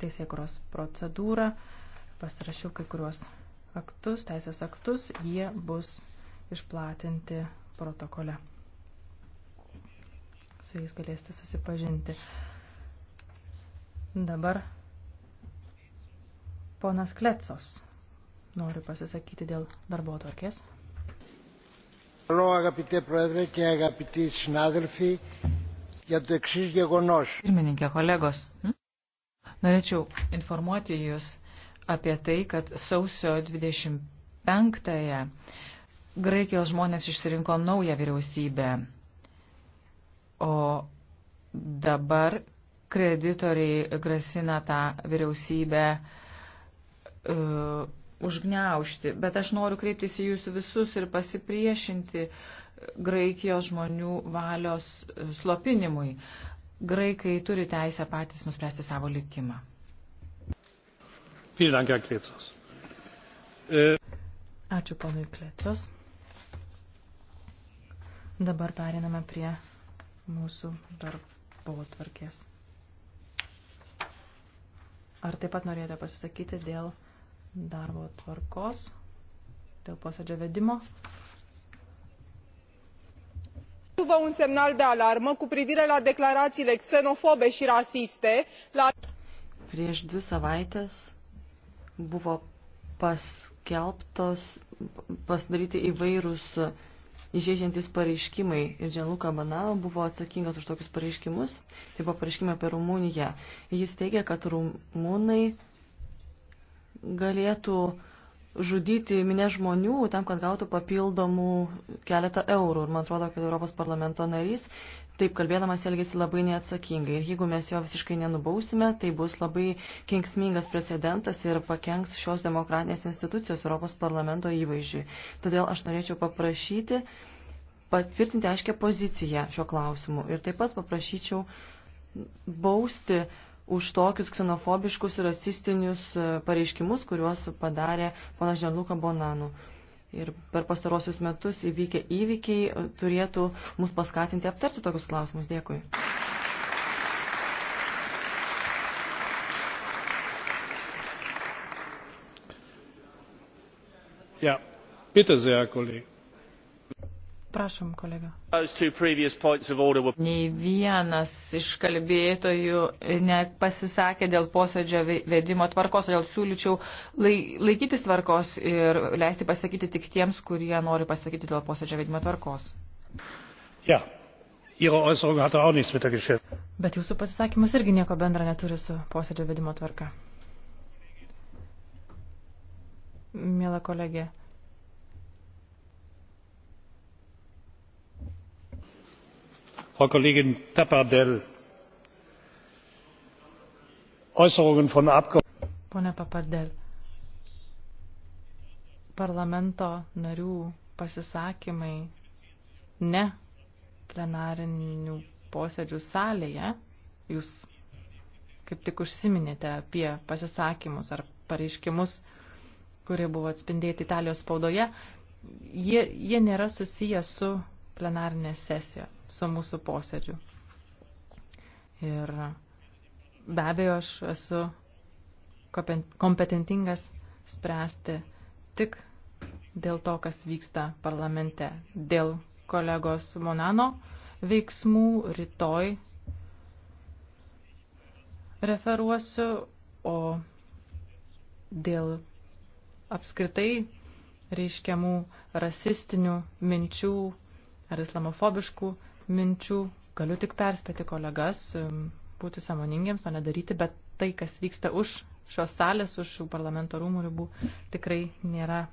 teisėkuros procedūrą, pasirašiau kai kuriuos aktus, teisės aktus, jie bus išplatinti protokole. Su jais galėsite susipažinti. Dabar ponas Kletsos nori pasisakyti dėl darbo tvarkės. Pirmininkė, kolegos. Hm? Norėčiau informuoti Jūs apie tai, kad sausio 25-ąją Graikijos žmonės išsirinko naują vyriausybę, o dabar kreditoriai grasina tą vyriausybę uh, užgneušti. Bet aš noriu kreiptis į Jūs visus ir pasipriešinti Graikijos žmonių valios e, slopinimui graikai turi teisę patys nuspręsti savo likimą. Äh, Ačiū ponui Klecos. Dabar periname prie mūsų darbo tvarkės. Ar taip pat norėjote pasisakyti dėl darbo tvarkos, dėl posėdžio vedimo? Nu vă un semnal de alarmă cu privire la declarațiile xenofobe și rasiste la Prieš dvi savaitės buvo paskelbtos, pasidaryti įvairūs Įžeidžiantis pareiškimai ir Džianluka Banano buvo atsakingas už tokius pareiškimus, tai buvo pareiškimai apie Rumuniją. Jis teigia, kad rumūnai galėtų žudyti minė žmonių tam, kad gautų papildomų keletą eurų. Ir man atrodo, kad Europos parlamento narys taip kalbėdamas elgesi labai neatsakingai. Ir jeigu mes jo visiškai nenubausime, tai bus labai kenksmingas precedentas ir pakenks šios demokratinės institucijos Europos parlamento įvaizdžiui. Todėl aš norėčiau paprašyti patvirtinti aiškę poziciją šio klausimu. Ir taip pat paprašyčiau bausti uh, už tokius ksenofobiškus ir rasistinius e, pareiškimus, kuriuos padarė ponas Žanluka Bonanu. Ir per pastarosius metus įvykę įvykiai e, turėtų mus paskatinti aptarti tokius klausimus. Dėkui. Ja, bitte sehr, Kollege. Prašom, kolega. Nei vienas iš kalbėtojų nepasisakė dėl posėdžio vedimo tvarkos, todėl siūlyčiau laikytis tvarkos ir leisti pasakyti tik tiems, kurie nori pasakyti dėl posėdžio vedimo tvarkos. Ja. Bet jūsų pasisakymas irgi nieko bendra neturi su posėdžio vedimo tvarka. Mėla kolegė. frau kollegin tappardell äußerungen von abgeordneten parlamento narių pasisakymai ne plenarinių posėdžių salėje jūs kaip tik užsiminėte apie pasisakymus ar pareiškimus kurie buvo atspindėti italijos spaudoje jie, jie nėra susiję su plenarinė sesija su mūsų posėdžiu. Ir be abejo, aš esu kompetentingas spręsti tik dėl to, kas vyksta parlamente. Dėl kolegos Monano veiksmų rytoj referuosiu, o dėl apskritai reiškiamų rasistinių minčių ar islamofobiškų minčių. Galiu tik perspėti kolegas um, būti samoningiems, o nedaryti, bet tai, kas vyksta už šios salės, už parlamento rūmų ribų, tikrai nėra